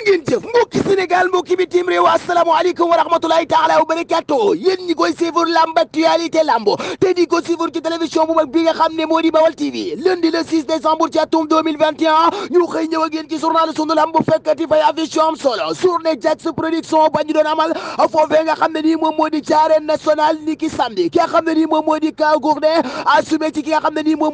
jërë ngeen jëf mbokki Sénégal mbokki bitim réew asalaamaaleykum wa rahmatulahi taala wa barakaatu yéen ñi koy suivre lamb actualité lambo te di ko suivre ci télévision bu mag bi nga xam ne moo di Bawal TV lundi le décembre ci atum ñu xëy ñëw ak ci journal sunu lamb fekkati fay affiche am solo journée Jax production ba doon amal foofee nga xam ne nii moom moo di caare ni ki samedi ki nga xam ne nii moom moo di kagourne assumé ci ki nga xam ne nii moom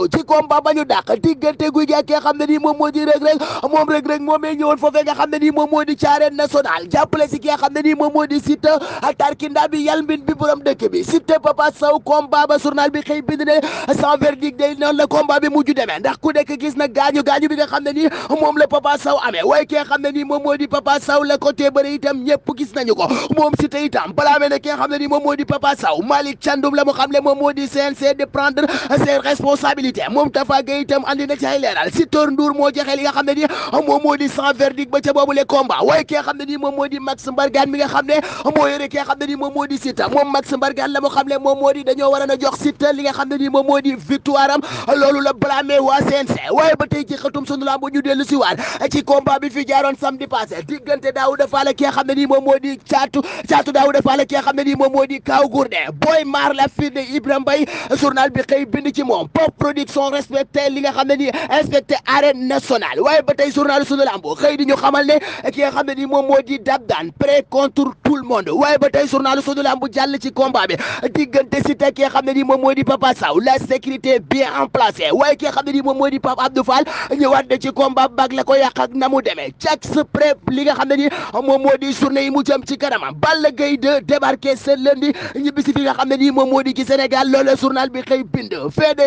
ñëw ci combat ba ñu dàq diggante guy gi ak ki nga xam ne nii moom moo di Reug Reug moom Reug Reug moomee ñëwoon foofee nga xam ne nii moom moo di arène nationale jàppale si ki xam ne nii moom moo di Siteu ak tarkinda bi yalmin bi borom dëkk bi Siteu Papa Sow combat ba journal bi xëy bind ne sans verdict day noonu la combat bi mujj demee ndax ku dekk gis na gaañu gaañu bi nga xam ne nii moom la Papa Sow amee waaye ki nga xam ne nii moom moo di Papa Sow la côté bëri itam ñëpp ko moom Siteu itam balaamee ne ki nga moo di Papa Sow Malick moom moo di activité moom Tafa Gueye itam andi na ci ay leeral Sitor Ndour moo joxe li nga xam ne a moom moo di sans verdict ba ca boobu le combat waaye ki nga xam ne nii moom moo di Max Mbargane mi xam ne moo yore ki xam ne nii moom moo di Siteu moom Max Mbargane la mu xam ne moom moo di dañoo waroon a jox Siteu li xam ne nii moom moo di victoire am loolu la blâmé waa CNG waaye ba tey ci xëtum sunu lamb ñu dellu si waat ci combat bi fi jaaroon samedi di caatu di verdict sont li nga xam ne ni inspecté arène nationale waaye ba tey journal sunu lambo xëy di ñu xamal ne ki xam ne ni moom moo di dab daan prêt contre tout le monde waaye ba tey journal sunu lambo jàll ci combat bi diggante Siteu ki xam ne ni moom moo di Papa Sow la sécurité bien en place waaye ki xam ne ni moom moo di Pape Abdou Fall ñëwaat na ci combat bag la ko yàq ak na mu demee jax prep li nga xam ne ni moom moo di journée yi mu jëm ci kanamam Balla Gaye 2 débarqué ce lundi ñibbisi fi nga xam ne ni moom moo di ci Sénégal loolu journal bi xëy bind fait de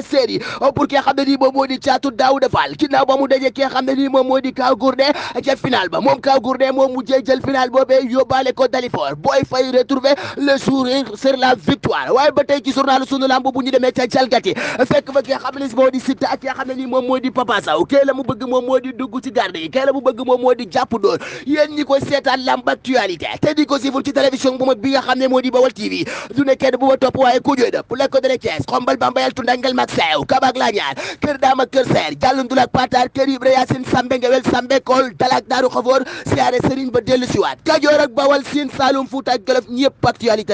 Oh, pour ki nga xam ne nii moom moo di caatu Daawuda Fall ginnaaw ba mu dajee ki xam ne nii moom moo di Kaw Gourdin ca final ba moom Kaw Gourdin moom mujjee jël final boobee yóbbaale ko Dalifort booy fay retrouver le sourire sur la victoire waaye ba tey ci journal sunu lamb bu ñu demee ca calgati fekk fa ki nga xam ne nii moom moo di Papa Sow kee la mu bëgg moom moo di dugg ci garde yi la mu bëgg moom moo di jàpp dóor yéen ñi ko seetaan lamb actualité ak Laañaar kër Daama kër Seer Jàllu Ndul ak Pataar kër Ibra Yaasin Sambe Ngewel Sambe Kool Dalak Daaru Xafoor siyaare Sëriñ ba dellu siwaat Kajoor ak Bawal Siin Saalum Fuuta ak Jolof ñëpp actualité